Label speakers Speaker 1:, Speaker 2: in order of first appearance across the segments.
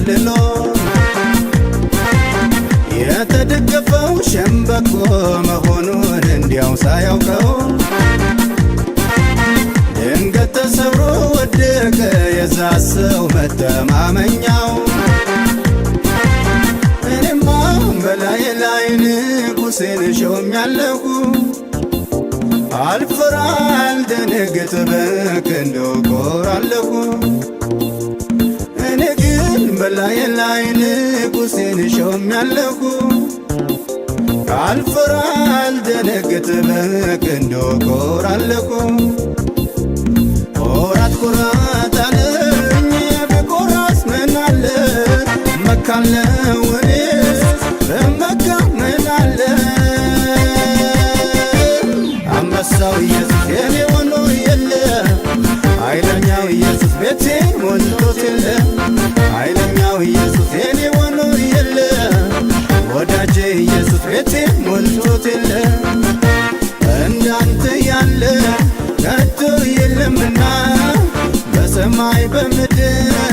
Speaker 1: ተከልሎ የተደገፈው ሸምበቆ መሆኑን እንዲያው ሳያውቀው ድንገት ተሰብሮ ወደቀ የዛ ሰው መተማመኛው። እኔማ በላይ ላይ ንጉሴን ሾሜያለሁ አልፈራ አልደነግጥ በክንዶ እኮራለሁ በላይ ላይ ንጉሴን ሾም ያለሁ ካልፈራ አልደነግጥ በቀንዶ ኮራለሁ ኮራት ኮራት አለኝ በኮራስ ምናለ መካለ ወኔ በመካ ምናለ አንበሳው ስፍሬቴ ሞልቶት የለ እንዳንተ ያለ ከቶ የለምና በሰማይ በምድር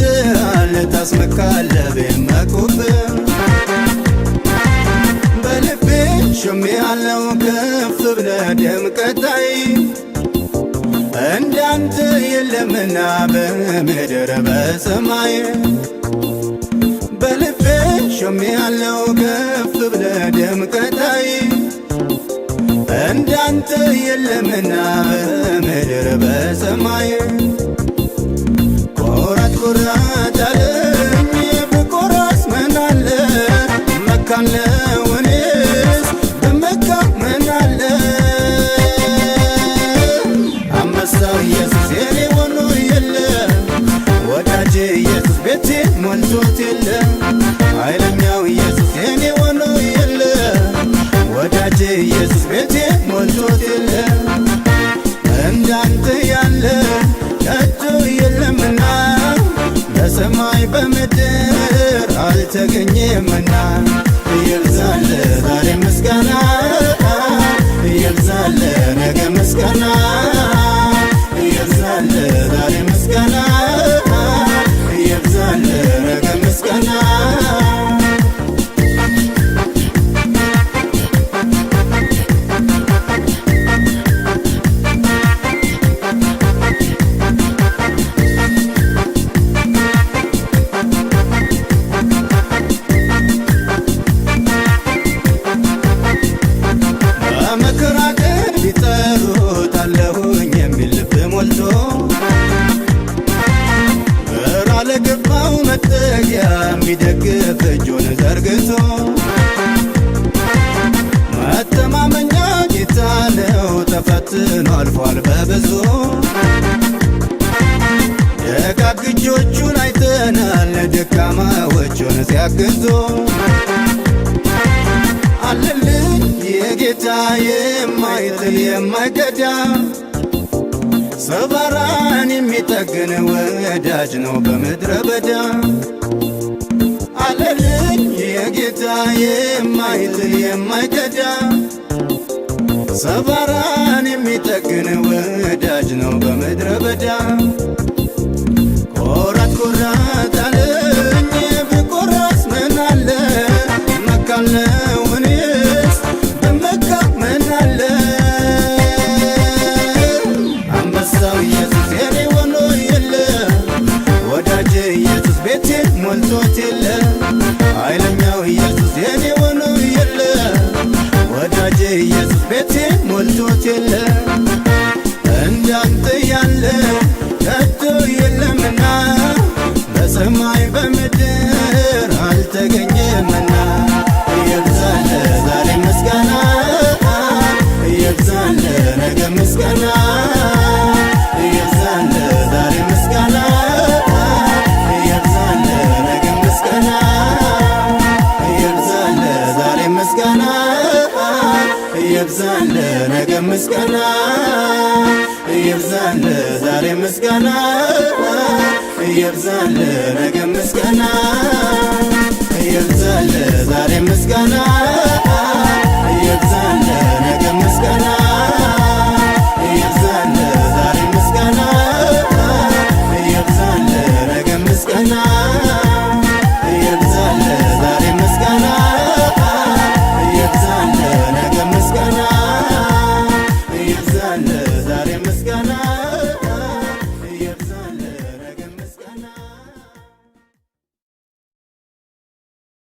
Speaker 1: ትዝሃል ታስመካለ ቤመኩብ በልቤ ሸሜ አለው ከፍ ብለ ደም ቀጣይ እንዳንተ የለምና በምድር በሰማይ በልቤ ሸሜ ያለው ከፍ ብለ ደም ቀጣይ እንዳንተ የለምና በምድር በሰማይ የበዛው ኢየሱስ የኔ ሆኖ የለ ወዳጄ ኢየሱስ ቤቴ ሞልቶት የለ ኃይለኛው ኢየሱስ የኔ ሆኖ የለ ወዳጄ ኢየሱስ ቤቴ ሞልቶት የለ እንዳንተ ያለ ከቶ የለምና በሰማይ በምድር አልተገኘምና ይብዛል ዛሬ ምስጋና ሰዎቹን ሲያግዙ አለልን የጌታ የማይጥል የማይገዳ ሰባራን የሚጠግን ወዳጅ ነው በምድረ በዳ አለልን የጌታ የማይጥል የማይገዳ ሰባራን የሚጠግን ወዳጅ ነው በምድረ በዳ ምስጋና እያብዛለ ዛሬ ምስጋና እያብዛለ ነገ ምስጋና እያብዛለ ዛሬ ምስጋና እያብዛለ ነገ ምስጋና እያብዛለ ምስጋና እያብዛለ ነገ ምስጋና እያብዛለ ዛሬ ምስጋና